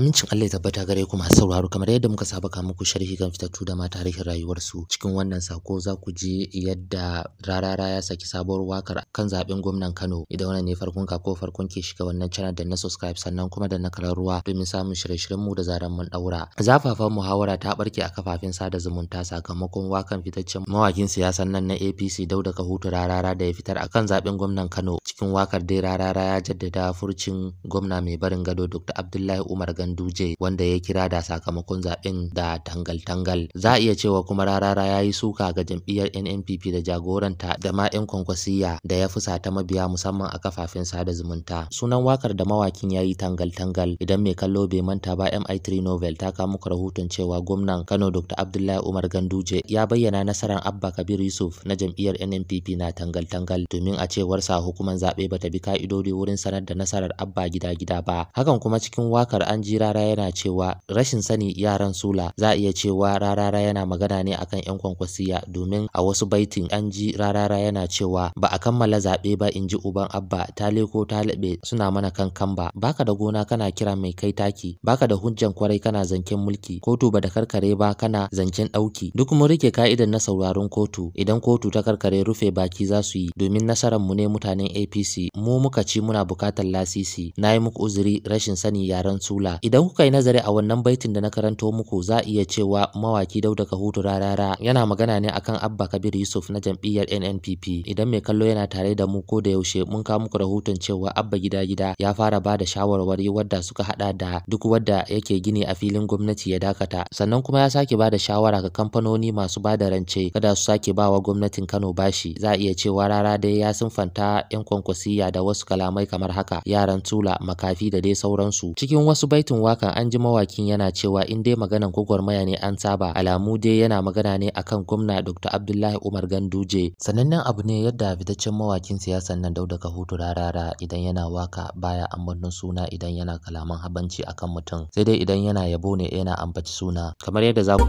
Amincin Allah ya tabbata gare ku masu sauraro kamar yadda muka saba ka muku sharhi kan fitattu da ma tarihin rayuwarsu. Cikin wannan sako za ku ji yadda Rarara ya saki sabuwar wakar kan zaben gwamnan Kano. Idan wannan ne farkon ka ko farkon ke shiga wannan channel da na subscribe sannan kuma da na ruwa domin samun shirye-shiryen mu da zaran mun daura. Zafafan muhawara ta barke a kafafen sada zumunta sakamakon wakan fitaccen mawakin siyasa. nan na APC Dauda hutu Rarara da ya fitar akan zaben gwamnan Kano. Cikin wakar dai Rarara ya jaddada furcin gwamna mai barin gado Dr. Abdullahi Umar Gani duje wanda ya kira da sakamakon zaɓen da tangal-tangal. Za a iya cewa kuma rarara ya yi suka ga jam'iyyar NNPP da jagoranta da ma 'yan kwankwasiya da ya ta mabiya musamman a kafafen sada zumunta. Sunan wakar da mawakin ya yi tangal-tangal idan mai kallo bai manta ba MI3 Novel ta kawo muku rahoton cewa gwamnan Kano Dr. Abdullahi Umar Ganduje ya bayyana nasarar Abba Kabir Yusuf na jam'iyyar NNPP na tangal-tangal domin a cewar cewarsa hukumar zaɓe bata bi ka'idodi wurin sanar da nasarar Abba gida-gida ba. Hakan kuma cikin wakar an ji ji rara yana cewa rashin sani yaran sula za a iya cewa rarara yana magana ne akan 'yan kwankwasiya domin a wasu baitin an ji rarara yana cewa ba a kammala zaɓe ba in ji uban abba tale ko talaɓe suna mana kankan ba baka da gona kana kira mai kai taki baka da hujjan kwarai kana zancen mulki kotu ba da karkare ba kana zancen ɗauki duk mun rike ka'idan na sauraron kotu idan kotu ta karkare rufe baki za su yi domin nasarar mu ne mutanen apc mu muka ci muna bukatar lasisi na yi muku uzuri rashin sani yaran sula Idan kuka yi nazari a wannan baitin da na karanto muku za a iya cewa mawaki Dauda hutu Rarara yana magana ne akan Abba Kabir Yusuf na jam'iyyar NNPP. Idan mai kallo yana tare da mu ko da yaushe mun kawo muku rahoton cewa Abba Gida Gida ya fara ba da shawarwari wadda suka hada da duk wadda yake gini a filin gwamnati ya dakata. Sannan kuma ya sake ba da shawara ga kamfanoni masu ba da rance kada su sake bawa gwamnatin Kano bashi. Za a iya cewa Rara dai ya sunfanta 'yan kwankwasiya da wasu kalamai kamar haka yaran tula makafi da dai sauransu. Cikin wasu baitin sautin wakan an ji mawakin yana cewa in dai maganan gwagwarmaya ne an saba alamu dai yana magana ne akan gwamna Dr. Abdullahi Umar Ganduje sanannen abu ne yadda fitaccen mawakin siyasan nan Dauda Kahutu rarara idan yana waka baya ambaton suna idan yana kalaman habanci akan mutum sai dai idan yana yabo ne yana ambaci suna kamar yadda za ku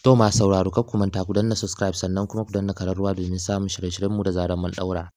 to ma sauraro kar ku manta ku danna subscribe sannan kuma ku danna kararruwa domin samun shirye-shiryen mu da zaran mun daura